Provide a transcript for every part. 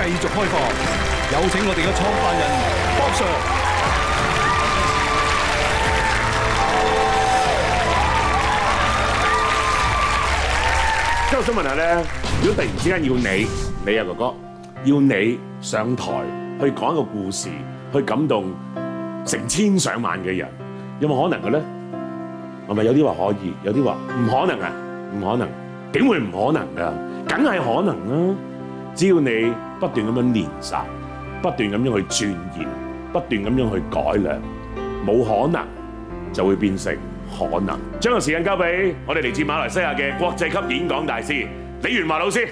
繼續開放，有請我哋嘅創辦人 Box Sir。即係我想問下咧，如果突然之間要你，你啊哥哥，要你上台去講一個故事，去感動成千上萬嘅人，有冇可能嘅咧？係咪有啲話可以，有啲話唔可能啊？唔可能？點會唔可能㗎？梗係可能啦。只要你不斷咁樣練習，不斷咁樣去鑽研，不斷咁樣去改良，冇可能就會變成可能。將個時間交俾我哋嚟自馬來西亞嘅國際級演講大師李元華老師。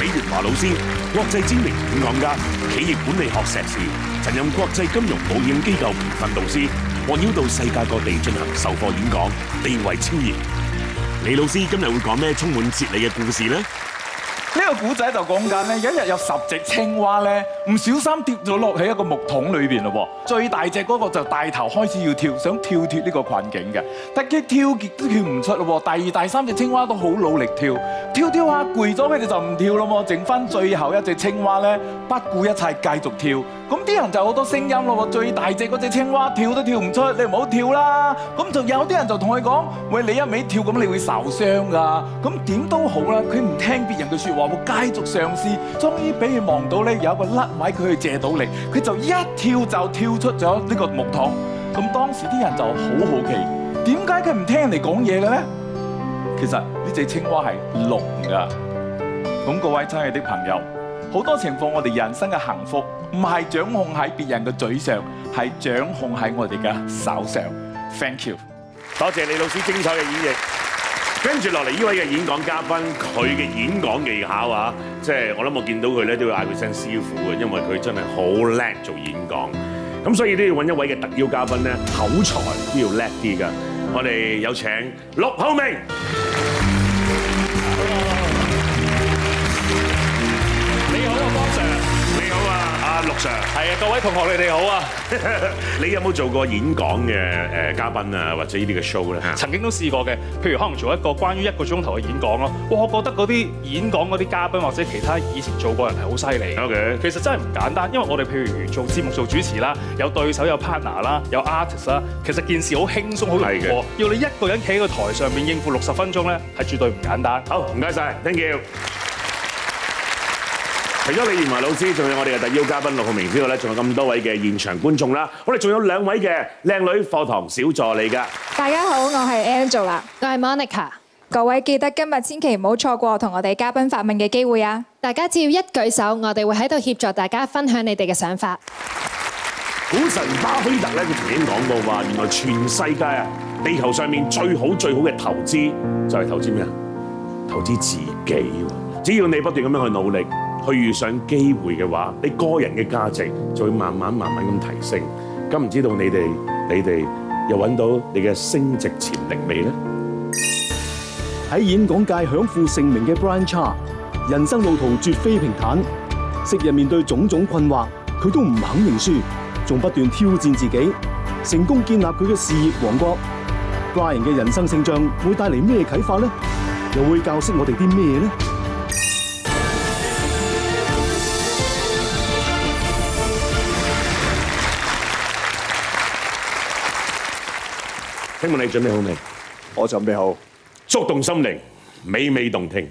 李元華老師，國際知名演講家，企業管理學碩士，曾任國際金融保險機構培訓導師，廣邀到世界各地進行授課演講，地位超然。李老師今日會講咩充滿哲理嘅故事呢？呢個古仔就講緊，一日有十隻青蛙唔小心跌咗落喺一個木桶裏邊咯，最大隻嗰個就帶頭開始要跳，想跳脱呢個困境嘅。但佢跳極都跳唔出咯，第二、第三隻青蛙都好努力跳，跳跳跳下攰咗佢哋就唔跳喎，剩翻最後一隻青蛙咧，不顧一切繼續跳。咁啲人就好多聲音咯，最大隻嗰隻青蛙跳都跳唔出，你唔好跳啦。咁仲有啲人就同佢講，喂，你一味跳咁，你會受傷㗎。咁點都好啦，佢唔聽別人嘅說話，會繼續嘗試。終於，俾佢望到咧，有一個甩。位佢去借到力，佢就一跳就跳出咗呢個木桶。咁當時啲人就好好奇，點解佢唔聽人哋講嘢嘅咧？其實呢隻青蛙係聾噶。咁各位親愛的朋友，好多情況我哋人生嘅幸福唔係掌控喺別人嘅嘴上，係掌控喺我哋嘅手上。Thank you，多謝李老師精彩嘅演繹。跟住落嚟呢位嘅演講嘉賓，佢嘅演講技巧啊，即係我諗我見到佢咧，都會嗌佢聲師傅嘅，因為佢真係好叻做演講，咁所以都要揾一位嘅特邀嘉賓咧，口才都要叻啲㗎。我哋有請陸浩明！啊，陸 Sir，係啊，各位同學你哋好啊！你, 你有冇做過演講嘅誒嘉賓啊，或者呢啲嘅 show 咧？曾經都試過嘅，譬如可能做一個關於一個鐘頭嘅演講咯。哇，我覺得嗰啲演講嗰啲嘉賓或者其他以前做過人係好犀的利。OK，其實真係唔簡單，因為我哋譬如做節目做主持啦，有對手有 partner 啦，有 artist 啦，其實件事好輕鬆好容易過。的要你一個人企喺個台上面應付六十分鐘咧，係絕對唔簡單。好，唔該晒 thank you。謝謝除咗李元華老師，仲有我哋嘅特邀嘉賓陸浩明之外咧，仲有咁多位嘅現場觀眾啦。我哋仲有兩位嘅靚女課堂小助理噶。大家好，我係 Angel 啦，我係 Monica。各位記得今日千祈唔好錯過同我哋嘉賓發問嘅機會啊！大家只要一舉手，我哋會喺度協助大家分享你哋嘅想法。股神巴菲特咧，佢曾經講過話：原來全世界啊，地球上面最好最好嘅投資就係投資咩？投資自己。只要你不斷咁樣去努力。去遇上機會嘅話，你個人嘅價值就會慢慢慢慢咁提升。咁唔知道你哋你哋又揾到你嘅升值潛力未呢？喺演講界享負盛名嘅 Brian Cha，人生路途絕非平坦，昔日面對種種困惑，佢都唔肯認輸，仲不斷挑戰自己，成功建立佢嘅事業王國。Brian 嘅人生勝仗會帶嚟咩啟發呢？又會教識我哋啲咩呢？請問你準備好未？我準備好。觸動心靈，娓娓動聽。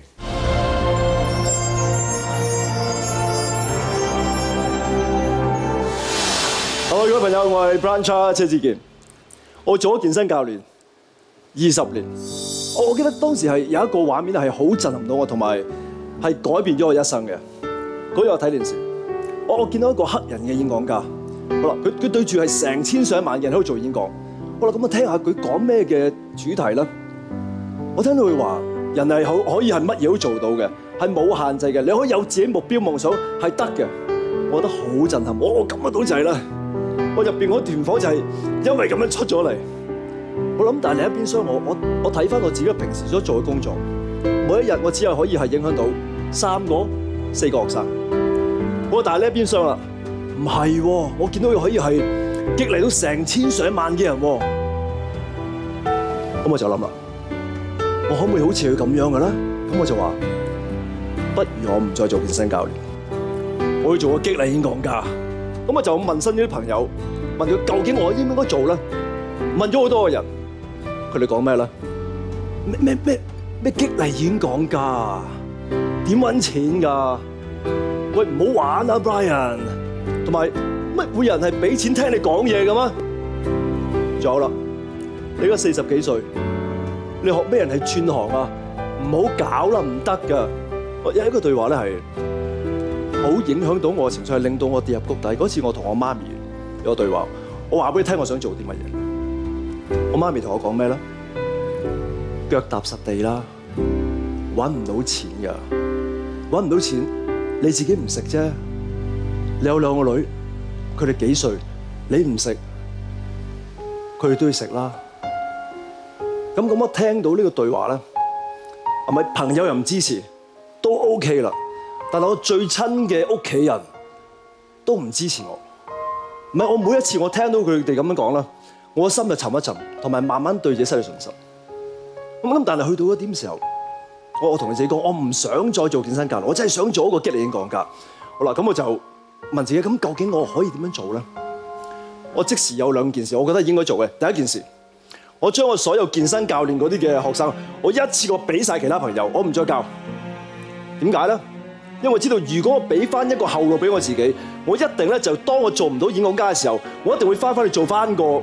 Hello 各位朋友，我係 Brian Cha 車志健。我做咗健身教練二十年。我記得當時係有一個畫面係好震撼到我，同埋係改變咗我一生嘅。嗰日我睇電視，我我見到一個黑人嘅演講家。好啦，佢佢對住係成千上萬人喺度做演講。好那我啦，咁啊，聽下佢講咩嘅主題啦。我聽到佢話，人係可可以係乜嘢都做到嘅，係冇限制嘅。你可以有自己目標夢想，係得嘅。我覺得好震撼，我我感覺到就係啦，我入邊嗰團火就係因為咁樣出咗嚟。我諗，但係你一邊廂我，我我睇翻我自己平時所做嘅工作，每一日我只係可以係影響到三個、四個學生。我話，但係呢一邊廂啦，唔係，我見到佢可以係。激勵到成千上萬嘅人，咁我就諗啦，我可唔可以好似佢咁樣嘅啦？咁我就話，不如我唔再做健身教練，我要做個激勵演講家。咁我就問身邊啲朋友，問佢究竟我應唔應該做咧？問咗好多個人，佢哋講咩咧？咩咩咩咩，激勵演講家，點揾錢噶？喂，唔好玩啊，Brian，同埋，會有人係俾錢聽你講嘢㗎嘛？仲有啦，你而家四十幾歲，你學咩人係轉行啊？唔好搞啦，唔得噶！有一個對話咧，係好影響到我嘅情緒，係令到我跌入谷底。嗰次我同我媽咪有個對話，我話俾你聽，我想做啲乜嘢。我媽咪同我講咩咧？腳踏實地啦，揾唔到錢㗎，揾唔到錢，你自己唔食啫，你有兩個女。佢哋幾歲？你唔食，佢哋都要食啦。咁咁我聽到呢個對話咧，係咪朋友又唔支持都 OK 啦？但係我最親嘅屋企人都唔支持我，唔係我每一次我聽到佢哋咁樣講咧，我心就沉一沉，同埋慢慢對自己失去信心。咁咁，但係去到了一點時候，我我同自己講，我唔想再做健身教練，我真係想做一個激勵演講家。好啦，咁我就，問自己咁究竟我可以點樣做咧？我即時有兩件事，我覺得應該做嘅。第一件事，我將我所有健身教練嗰啲嘅學生，我一次過俾晒其他朋友，我唔再教。點解咧？因為我知道，如果我俾翻一個後路俾我自己，我一定咧就當我做唔到演講家嘅時候，我一定會翻返去做翻個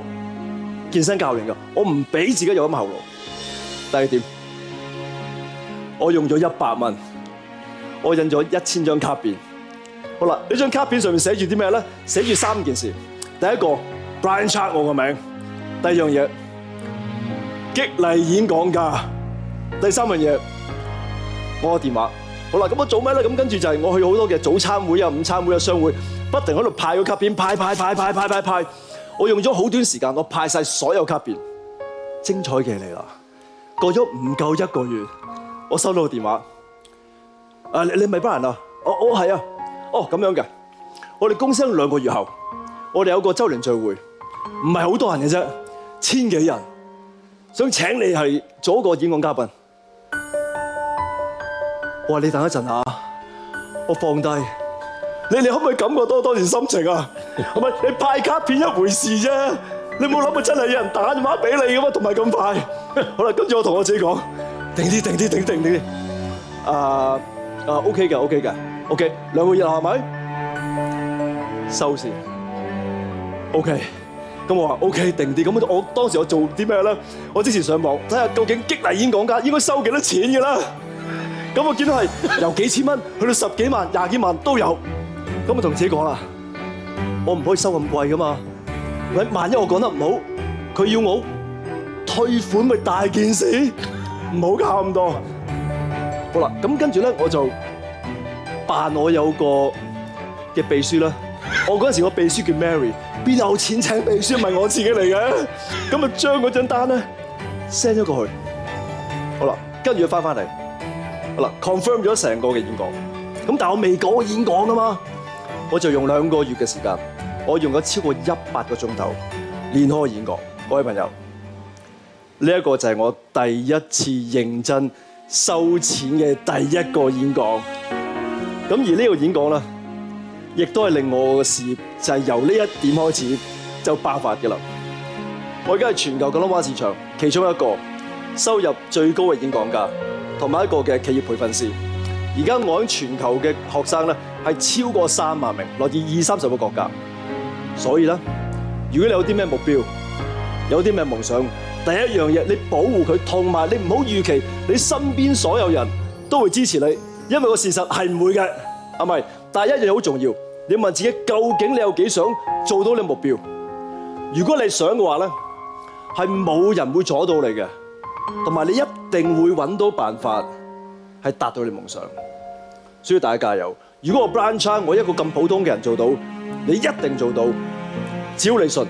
健身教練嘅。我唔俾自己有咁後路。第二點，我用咗一百蚊，我印咗一千張卡片。好啦，呢張卡片上面寫住啲咩咧？寫住三件事。第一個 Brian Che 我個名，第二樣嘢激勵演講噶，第三樣嘢我個電話。好啦，咁我做咩咧？咁跟住就係我去好多嘅早餐會啊、午餐會啊、商會，不停喺度派個卡片，派派派派派派派，派。我用咗好短時間，我派晒所有卡片。精彩嘅你啦！過咗唔夠一個月，我收到個電話。誒，你咪 Brian 啊？我我係啊。哦，咁樣嘅，我哋公司兩個月後，我哋有個周年聚會，唔係好多人嘅啫，千幾人，想請你係做一個演講嘉賓。我話，你等一陣嚇，我放低，你你可唔可以感覺到當時心情啊？唔係你派卡片一回事啫，你冇諗過真係有人打電話俾你嘅咩？同埋咁快，好啦，跟住我同我自己講，停啲停啲停停停，啊啊 OK 嘅 OK 嘅。O K，兩個月啊，係咪收線？O K，咁我話 O K，定啲。咁我當時我做啲咩咧？我之前上網睇下究竟激勵演講家應該收幾多錢嘅啦。咁我見到係由幾千蚊去到十幾萬、廿幾萬都有。咁我同自己講啦，我唔可以收咁貴噶嘛。喂，萬一我講得唔好，佢要我退款，咪大件事。唔好搞咁多。好啦，咁跟住咧，我就。扮我有個嘅秘書啦，我嗰陣時個秘書叫 Mary，邊有錢請秘書？唔係我自己嚟嘅，咁啊將嗰張單咧 send 咗過去，好啦，跟住佢翻翻嚟，好啦，confirm 咗成個嘅演講，咁但係我未講過演講啊嘛，我就用兩個月嘅時間，我用咗超過一百個鐘頭練開演講，各位朋友，呢一個就係我第一次認真收錢嘅第一個演講。咁而呢個演講呢，亦都係令我嘅事業就係、是、由呢一點開始就爆發嘅喇。我而家係全球講話市場其中一個收入最高嘅演講家，同埋一個嘅企業培訓師。而家我喺全球嘅學生呢，係超過三萬名，來自二三十個國家。所以呢，如果你有啲咩目標，有啲咩夢想，第一樣嘢，你保護佢，同埋你唔好預期你身邊所有人都會支持你。因為個事實係唔會嘅，係咪？但係一樣嘢好重要，你問自己究竟你有幾想做到你目標？如果你想嘅話咧，係冇人會阻到你嘅，同埋你一定會揾到辦法係達到你夢想。所以大家加油！如果我 Blanchard 我一個咁普通嘅人做到，你一定做到，只要你信，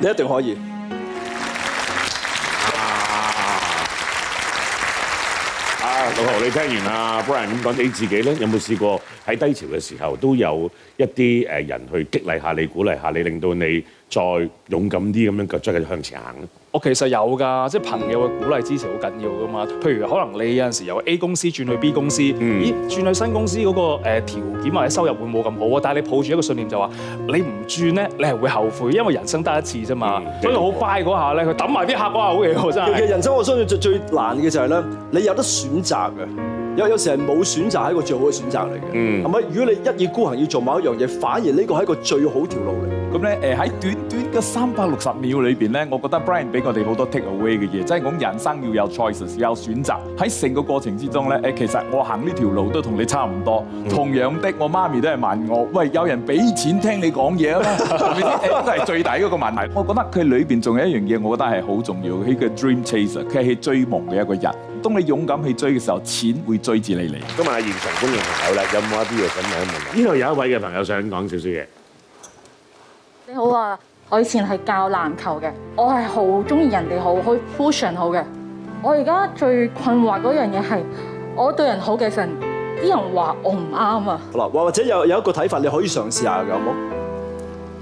你一定可以。老婆，你聽完啊，Brian 咁講，你自己咧，有冇試過喺低潮嘅時候，都有一啲誒人去激勵下你、鼓勵下你，令到你再勇敢啲咁樣繼續向前行咧？我其實有㗎，即係朋友嘅鼓勵支持好緊要㗎嘛。譬如可能你有陣時候由 A 公司轉去 B 公司，咦？嗯、轉去新公司嗰個誒條件或者收入會冇咁好啊。但係你抱住一個信念就話，你唔轉咧，你係會後悔，因為人生得一次啫嘛。嗯、所以好乖嗰下咧，佢抌埋啲客嗰下好嘢喎。其實人生我相信最最難嘅就係咧，你有得選擇嘅，因為有時係冇選擇係一個最好嘅選擇嚟嘅。係咪？如果你一意孤行要做某一樣嘢，反而呢個係一個最好條路嚟。咁咧，喺短短嘅三百六十秒裏面咧，我覺得 Brian 俾我哋好多 take away 嘅嘢，即係講人生要有 choices，有選擇。喺成個過程之中咧，其實我行呢條路都同你差唔多，同樣的，我媽咪都係問我：喂，有人俾錢聽你講嘢啊？呢都係最大嗰個問題。我覺得佢裏面仲有一樣嘢，我覺得係好重要，呢個 dream chaser，佢係追夢嘅一個人。當你勇敢去追嘅時候，錢會追住你嚟。咁啊，現場觀眾朋友咧，有冇一啲嘢想問一問？呢度有一位嘅朋友想講少少嘢。好啊，我以前係教籃球嘅，我係好中意人哋好，好 fusion 好嘅。我而家最困惑嗰樣嘢係，我對人好嘅時候，啲人話我唔啱啊。嗱，或或者有有一個睇法，你可以嘗試下㗎，好唔好？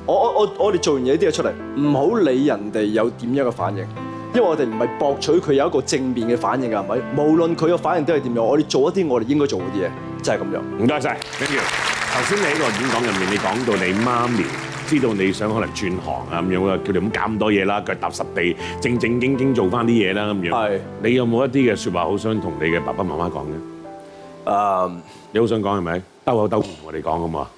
我我我我哋做完嘢啲嘢出嚟，唔好理人哋有點樣嘅反應，因為我哋唔係博取佢有一個正面嘅反應㗎，係咪？無論佢嘅反應都係點樣，我哋做一啲我哋應該做嘅嘢，真係咁樣，謝謝。唔該晒，明耀。頭先你喺個演講入面，你講到你媽咪。知道你想可能轉行啊咁樣，啊，叫你咁搞咁多嘢啦，腳踏實地，正正經經做翻啲嘢啦咁樣。你有冇一啲嘅説話好想同你嘅爸爸媽媽講嘅？誒、uh，你想說是口口不說好想講係咪？兜口兜面，同我哋講好啊。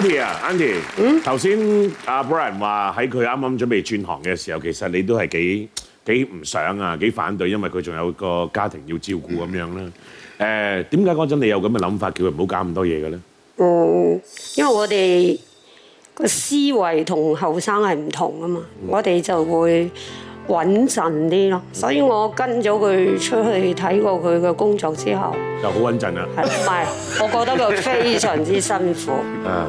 Andy 啊 a 頭先阿 Brian 話喺佢啱啱準備轉行嘅時候，其實你都係幾幾唔想啊，幾反對，因為佢仲有一個家庭要照顧咁樣啦。誒、嗯，點解嗰陣你有咁嘅諗法，叫佢唔好搞咁多嘢嘅咧？嗯，因為我哋個思維同後生係唔同啊嘛，我哋就會。穩陣啲咯，所以我跟咗佢出去睇過佢嘅工作之後，就好穩陣啦了。唔係 我覺得佢非常之辛苦。啊，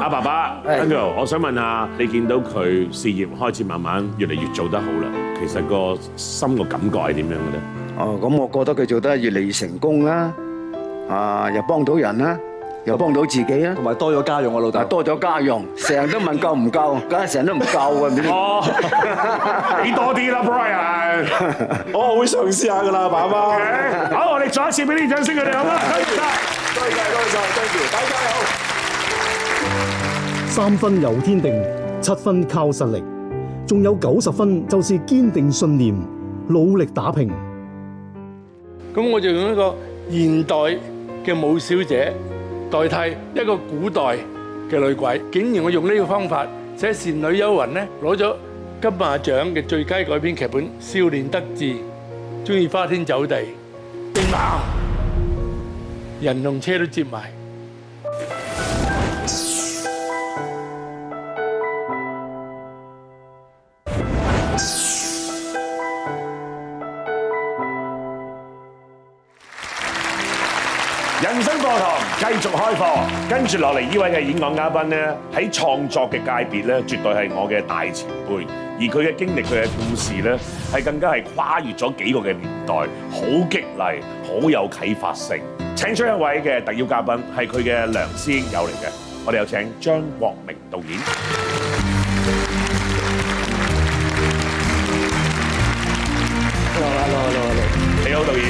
阿爸爸 Hey.，Angel，我想問下，你見到佢事業開始慢慢越嚟越做得好啦，其實個心個感覺係點樣嘅咧？哦、嗯，咁我覺得佢做得越嚟越成功啦，啊，又幫到人啦。又幫到自己啊，同埋多咗家用我老豆。多咗家用，成日都問夠唔夠，梗係成日都唔夠啊，唔知。哦，俾多啲啦，Brian。哦，我會嘗試下噶啦，爸爸。好，我哋再一次俾啲掌聲先，佢哋好嗎？多謝，多謝，多謝，多謝，Thank you。大家好。三分由天定，七分靠實力，仲有九十分就是堅定信念、努力打拼。咁我就用一個現代嘅武小姐。代替一個古代嘅女鬼，竟然我用呢個方法寫《倩女幽魂》咧，攞咗金馬獎嘅最佳改編劇本。少年得志，鍾意花天酒地，勁爆，人同車都接埋。繼續開課，跟住落嚟呢位嘅演講嘉賓咧，喺創作嘅界別咧，絕對係我嘅大前輩。而佢嘅經歷、佢嘅故事咧，係更加係跨越咗幾個嘅年代，好激勵、好有啟發性。請出一位嘅特邀嘉賓，係佢嘅良師益友嚟嘅。我哋有請張國明導演。周導演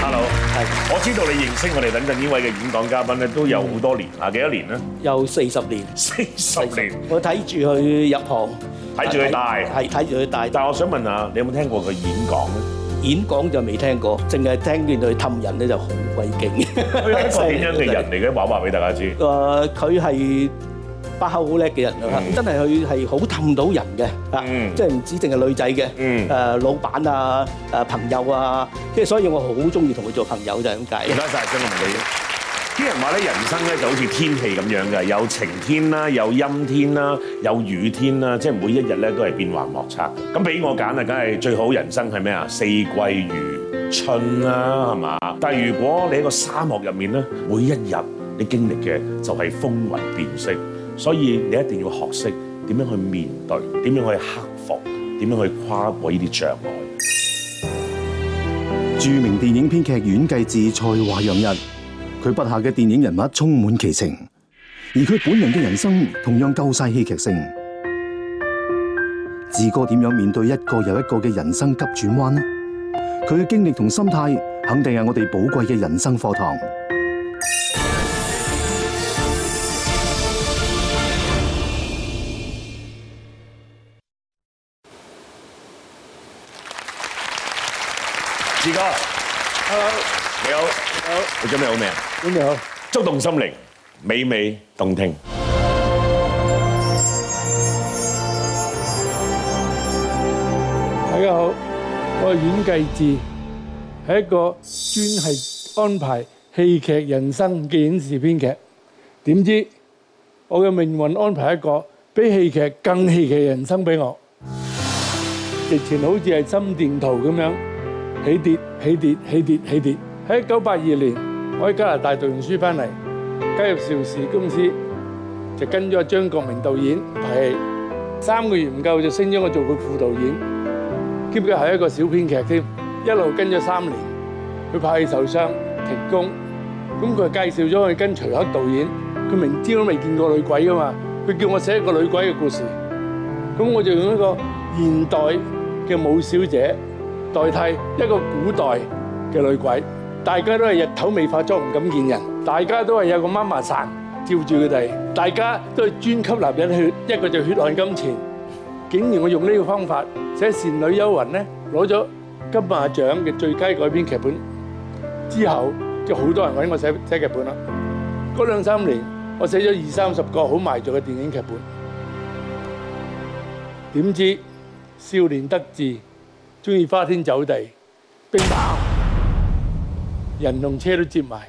，Hello，係，我知道你認識我哋等陣呢位嘅演講嘉賓咧，都有好多年，啊，幾多年咧？有四十年，四十年，年我睇住佢入行，睇住佢大，係睇住佢大。但係我想問下，你有冇聽過佢演講咧？演講就未聽過，淨係聽見佢氹人咧就好鬼勁。佢係一個點樣嘅人嚟嘅？話話俾大家知。誒，佢係。把口好叻嘅人真係佢係好氹到人嘅，啊，即係唔止淨係女仔嘅，誒，老闆啊，誒，朋友啊，即係所以，我好中意同佢做朋友就係咁解，唔該晒張宏禮。啲人話咧，人生咧就好似天氣咁樣嘅，有晴天啦，有陰天啦，有雨天啦，即係每一日咧都係變幻莫測。咁俾我揀啊，梗係最好人生係咩啊？四季如春啊，係嘛？但係如果你喺個沙漠入面咧，每一日你經歷嘅就係風雲變色。所以你一定要學識點樣去面對，點樣去克服，點樣去跨過呢啲障礙。著名電影編劇阮繼志才華洋溢，佢筆下嘅電影人物充滿奇情，而佢本人嘅人生同樣夠晒戲劇性。志哥點樣面對一個又一個嘅人生急轉彎呢？佢嘅經歷同心態肯定係我哋寶貴嘅人生課堂。志哥，Hello，你好，你好，你準備好未啊？準備好，觸動心靈，美美動聽。大家好，我係阮繼志，係一個專係安排戲劇人生嘅影視編劇。點知我嘅命運安排一個比戲劇更戲劇人生俾我，直情好似係心電圖咁樣。起跌，起跌，起跌，起跌。喺一九八二年，我喺加拿大讀完書翻嚟，加入邵氏公司，就跟咗張國明導演拍戲。三個月唔夠就升咗我做佢副導演，兼嘅係一個小編劇添。一路跟咗三年，佢拍戲受傷停工，咁佢介紹咗我跟徐克導演。佢明知都未見過女鬼啊嘛，佢叫我寫一個女鬼嘅故事，咁我就用一個現代嘅舞小姐。代替一個古代嘅女鬼，大家都係日頭未化妝唔敢見人，大家都係有個媽媽生罩住佢哋，大家都係專吸男人血，一個就血汗金錢。竟然我用呢個方法寫《倩女幽魂》呢，攞咗金馬獎嘅最佳改編劇本之後，即係好多人揾我寫寫劇本啦。嗰兩三年，我寫咗二三十個好賣座嘅電影劇本，點知少年得志。中意花天酒地，兵爆人同車都接埋。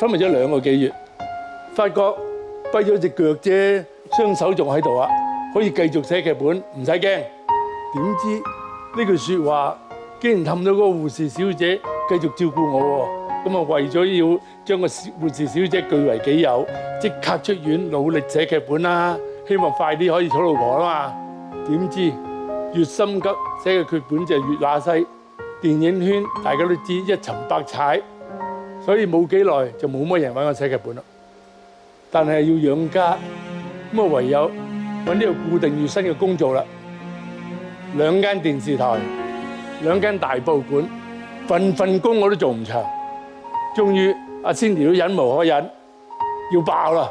昏迷咗兩個幾月，發覺跛咗隻腳啫，雙手仲喺度啊，可以繼續寫劇本，唔使驚。點知呢句説話竟然氹到嗰個護士小姐繼續照顧我喎，咁啊為咗要將個護士小姐據為己有，即刻出院努力寫劇本啦，希望快啲可以娶老婆啊嘛，點知？越心急寫嘅劇本就越乸西。電影圈大家都知道一沉百踩，所以冇幾耐就冇乜人揾我寫劇本啦。但係要養家，咁啊唯有揾呢個固定月薪嘅工作啦。兩間電視台，兩間大報館，份份工我都做唔長。終於阿仙條都忍無可忍，要爆啦！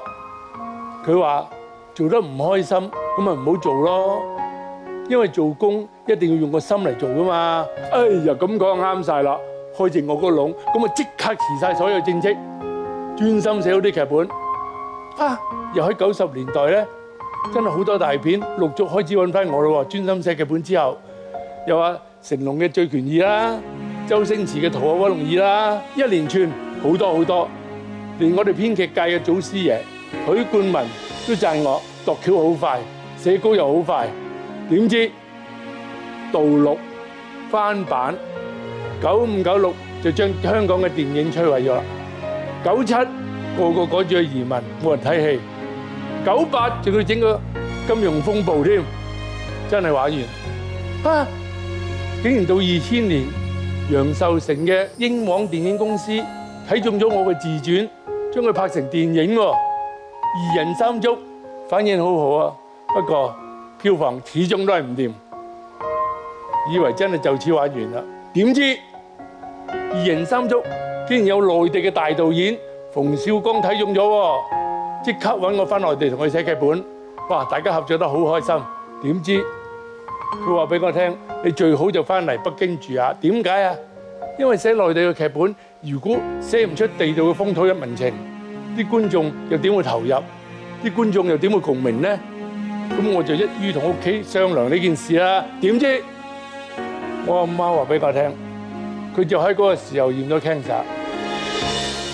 佢話做得唔開心，咁咪唔好做咯。因為做工一定要用個心嚟做㗎嘛，哎呀咁講啱曬啦！開正我個窿，咁我即刻辭曬所有正職，專心寫好啲劇本。啊！又喺九十年代咧，真係好多大片陸續開始揾翻我咯。專心寫劇本之後，又話成龍嘅《醉拳二》啦，周星馳嘅《逃學威龍二》啦，一連串好多好多。連我哋編劇界嘅祖師爺許冠文都讚我度橋好快，寫稿又好快。點知盜錄翻版九五九六就將香港嘅電影摧毀咗啦！九七個個趕住去移民，冇人睇戲。九八仲要整個金融風暴添，真係玩完嚇！竟然到二千年，楊受成嘅英皇電影公司睇中咗我嘅自傳，將佢拍成電影喎，《二人三足》反應好好啊，不過。票房始終都係唔掂，以為真係就此玩完啦？點知二人三足竟然有內地嘅大導演馮小剛睇中咗，即刻揾我翻內地同佢寫劇本。哇！大家合作得好開心。點知佢話俾我聽：你最好就翻嚟北京住下。點解啊？因為寫內地嘅劇本，如果寫唔出地道嘅風土人情，啲觀眾又點會投入？啲觀眾又點會共鳴呢？咁我就一於同屋企商量呢件事啦。點知我阿媽話俾我聽，佢就喺嗰個時候驗咗癌症。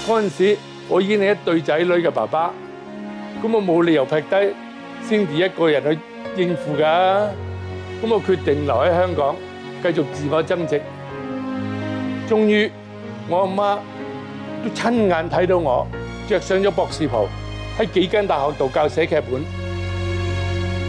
嗰陣時我已經係一對仔女嘅爸爸，咁我冇理由劈低先至一個人去應付㗎。咁我決定留喺香港繼續自我增值。終於我阿媽都親眼睇到我著上咗博士袍，喺幾間大學度教寫劇本。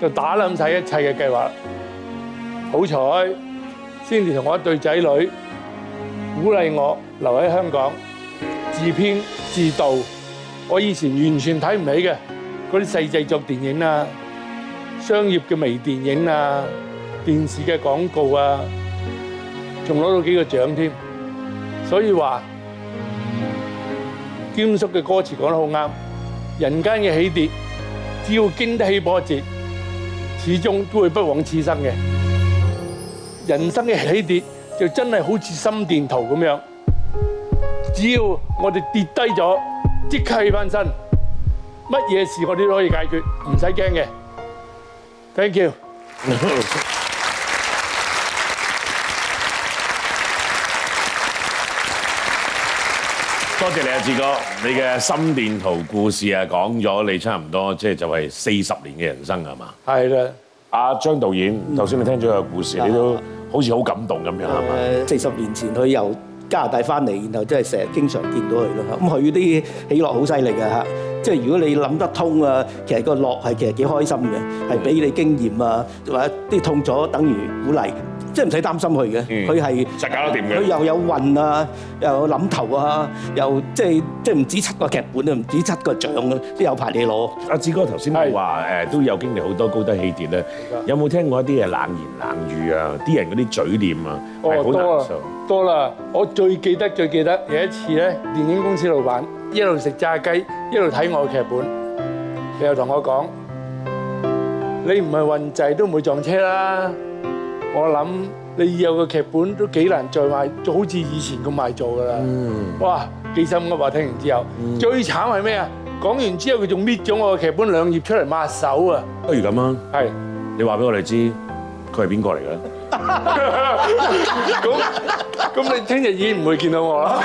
就打冧曬一切嘅計劃，好彩先至同我一對仔女鼓勵我留喺香港自編自導，我以前完全睇唔起嘅嗰啲細製作電影啊、商業嘅微電影啊、電視嘅廣告啊，仲攞到幾個獎添，所以話兼叔嘅歌詞講得好啱，人間嘅起跌只要經得起波折。始終都會不枉此生嘅。人生嘅起跌就真係好似心電圖咁樣，只要我哋跌低咗，即刻起翻身，乜嘢事我哋都可以解決，唔使驚嘅。Thank you。多謝,謝你啊，志哥，你嘅心電圖故事啊，講咗你差唔多，即係就係四十年嘅人生啊嘛。係啦，阿對了 張導演頭先你聽咗個故事，嗯、你都好似好感動咁樣，係嘛？四十年前佢由加拿大翻嚟，然後真係成日經常見到佢咯。咁佢啲起落好犀利嘅嚇，即係如果你諗得通啊，其實個落係其實幾開心嘅，係俾你經驗啊，或者啲痛楚等於鼓勵。即係唔使擔心佢嘅，佢係實搞掂嘅，佢又有運啊，又有諗頭啊，又即係即係唔止七個劇本啊，唔止七個獎啊，都有拍嘢攞。阿志哥頭先話誒都有經歷好多高低起跌咧，是的 有冇聽過一啲嘢冷言冷語啊？啲人嗰啲嘴臉啊，好難受多啦。多啦，我最記得最記得有一次咧，電影公司老闆一路食炸雞一路睇我嘅劇本，佢又同我講：你唔係運滯都唔會撞車啦。我諗你以後嘅劇本都幾難再賣，就好似以前咁賣座㗎啦。哇，幾深嘅話，聽完之後，最慘係咩啊？講完之後，佢仲搣咗我嘅劇本兩頁出嚟抹手啊、嗯！不如咁啊，係 你話俾我哋知佢係邊個嚟㗎？咁咁，你聽日已經唔會見到我啦。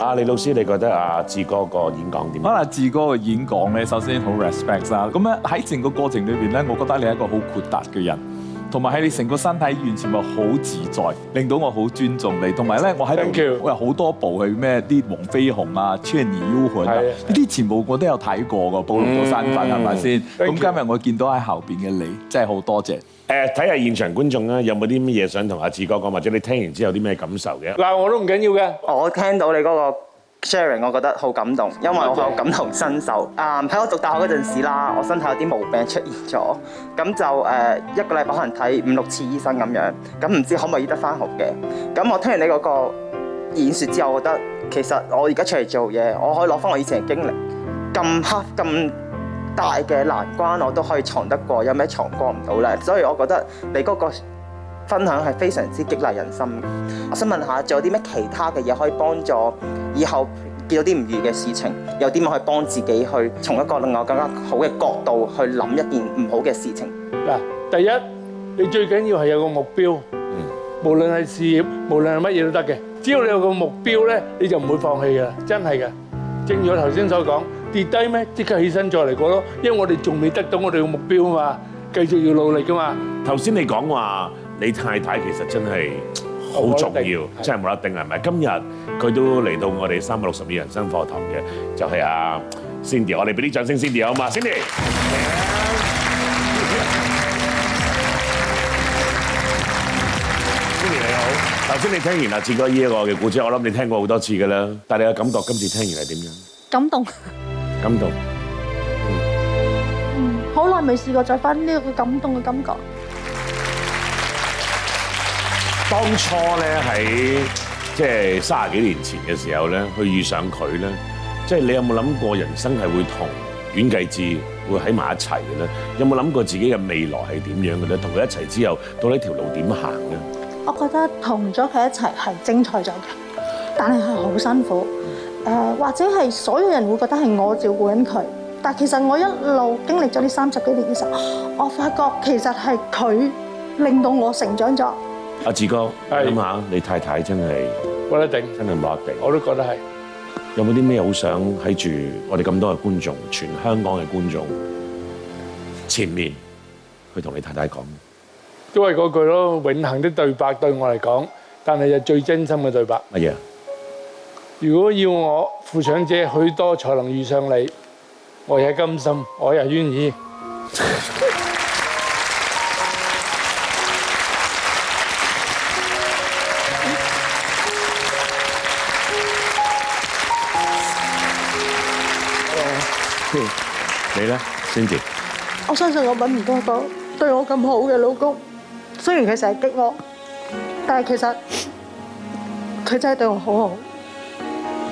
阿李老師，你覺得阿志哥個演講點啊？阿志哥個演講咧，首先好 respect 啦。咁咧，喺整個過程裏邊咧，我覺得你係一個好豁達嘅人。同埋喺你成個身體完全係好自在，令到我好尊重你。同埋咧，我喺度 Thank you. 我有好多部去咩啲黃飛鴻啊、U《穿越烏海》啊，呢啲全部我都有睇過噶。暴露個身份係咪先？咁 Thank you. 今日我見到喺後邊嘅你，真係好多謝。誒，睇下現場觀眾啦，有冇啲乜嘢想同阿志哥講，或者你聽完之後啲咩感受嘅？嗱，我都唔緊要嘅。我聽到你嗰、嗰個 sharing 我覺得好感動，因為我好感同身受。啊，喺、um, 我讀大學嗰陣時啦，我身體有啲毛病出現咗，咁就誒、uh, 一個禮拜可能睇五六次醫生咁樣，咁唔知可唔可以得翻好嘅。咁我聽完你嗰個演説之後，我覺得其實我而家出嚟做嘢，我可以攞翻我以前嘅經歷咁黑咁大嘅難關，我都可以闖得過，有咩闖過唔到呢？所以我覺得你嗰、嗰個分享係非常之激勵人心。我想問下，仲有啲咩其他嘅嘢可以幫助以後見到啲唔如意嘅事情，又點樣可以幫自己去從一個另外更加好嘅角度去諗一件唔好嘅事情？嗱，第一，你最緊要係有個目標。嗯。無論係事業，無論係乜嘢都得嘅，只要你有個目標咧，你就唔會放棄嘅，真係嘅。正如我頭先所講，跌低咩即刻起身再嚟過咯，因為我哋仲未得到我哋嘅目標啊嘛，繼續要努力噶嘛。頭先你講話。你太太其實真係好重要，真係冇得定係咪？今日佢都嚟到我哋三百六十秒人生課堂嘅，就係阿 Cindy，我哋俾啲掌聲 Cindy 好嘛？Cindy，Cindy 你好，頭先你聽完阿志哥依一個嘅故事，我諗你聽過好多次㗎啦，但係你嘅感覺今次聽完係點樣？感動，感動，嗯，嗯，好耐未試過再翻呢個感動嘅感覺。當初咧喺即係三十幾年前嘅時候咧，去遇上佢咧，即係你有冇諗過人生係會同阮繼志會喺埋一齊嘅咧？有冇諗過自己嘅未來係點樣嘅咧？同佢一齊之後，到呢條路點行咧？我覺得同咗佢一齊係精彩咗嘅，但係係好辛苦。誒，或者係所有人會覺得係我照顧緊佢，但其實我一路經歷咗呢三十幾年嘅時候，我發覺其實係佢令到我成長咗。阿志哥，諗下是你太太真係冇得頂，真係冇得頂。我都覺得係。有冇啲咩好想喺住我哋咁多嘅觀眾，全香港嘅觀眾前面去同你太太講？都係嗰句咯，永恆的對白對我嚟講，但係就最真心嘅對白。一樣麼。如果要我付上這許多才能遇上你，我也甘心，我也願意。 我相信我揾唔到一個對我咁好嘅老公。雖然佢成日激我，但係其實佢真係對我好好。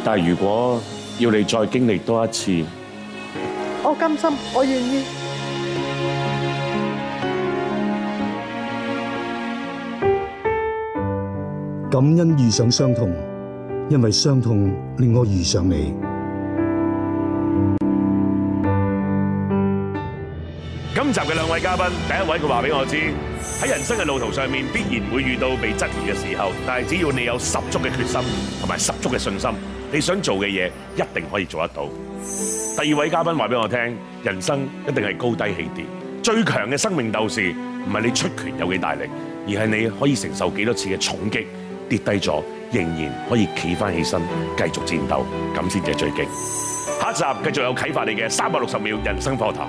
但係如果要你再經歷多一次，我甘心，我願意。感恩遇上傷痛，因為傷痛令我遇上你。今集嘅兩位嘉賓，第一位佢話俾我知喺人生嘅路途上面必然會遇到被質疑嘅時候，但係只要你有十足嘅決心同埋十足嘅信心，你想做嘅嘢一定可以做得到。第二位嘉賓話俾我聽，人生一定係高低起跌，最強嘅生命鬥士唔係你出拳有幾大力，而係你可以承受幾多次嘅重擊，跌低咗仍然可以企翻起身繼續戰鬥，咁先至係最勁。下一集繼續有啟發你嘅三百六十秒人生課堂。